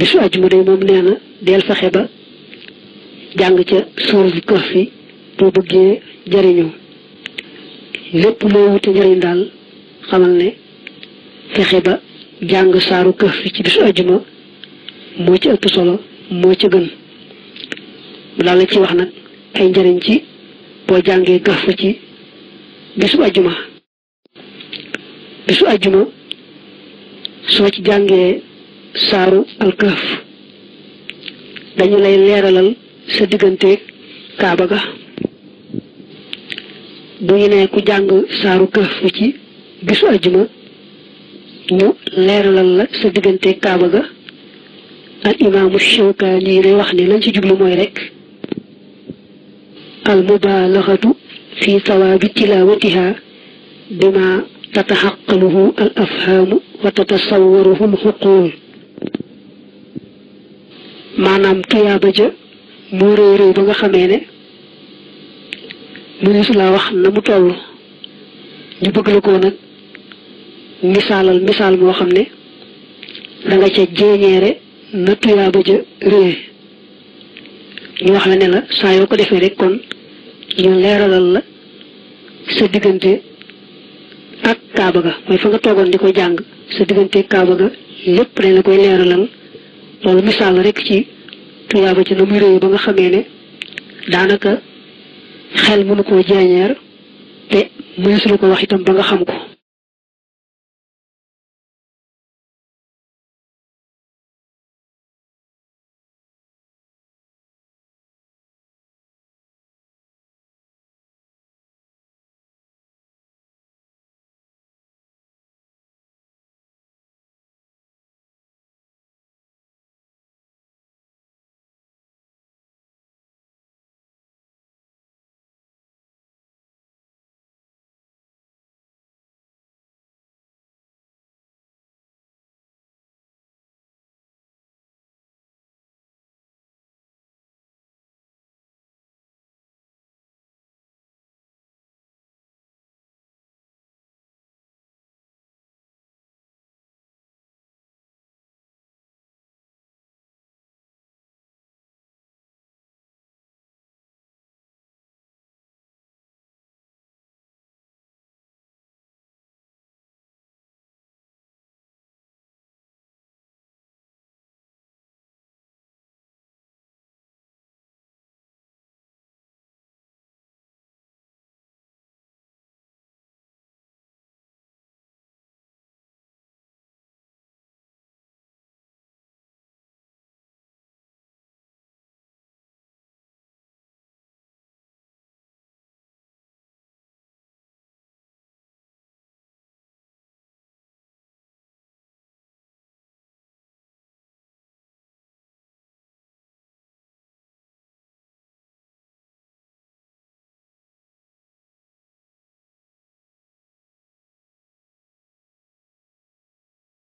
bisu àjjuma day moom nee na deel fexe ba jàng ca suuratul kahfi boo bëggee jariñu lépp loo wute njariñ daal xamal ne fexe ba jàng saaru kahfi ci bisu àjjuma moo ci ëpp solo moo ci gën mu daal la ci wax nag ay njariñ ci boo jàngee kahfi ci bisu àjjuma bisu àjjuma soo ci jàngee saaru alkaaf dañu lay leeralal sa digganteeg kaaba ga bu ñu nee ku jàng saaru kaaf bi ci gisu ajuma ñu leeralal la sa digganteeg kaaba ga al imaamu Shawkaani day wax ni lañ ci jublu mooy rekk al mubaalaxatu fi sawaabi tilaawatiha bima tataxaqaluhu al afhaamu wa tatasawwaruhu al xuquul maanaam tuyaaba ja moo réy réy ba nga xamee ne mënees laa wax na mu toll ñu bëgg la koo nag misaalal misaal moo xam ne da nga ca jeeñeere na tuyaaba ja réy ñu wax la ne la saa yoo ko defee rek kon ñu leeralal la sa diggante ak kaaba ga mooy fa nga toogoon di ko jàng sa diggante kaaba ga lépp dañ la koy leeralal loolu misaal la ci tuyaaba ci na muy réew ba nga xamee ne daanaka xel mënu koo jeeñeer te mënees la ko wax itam ba nga xam ko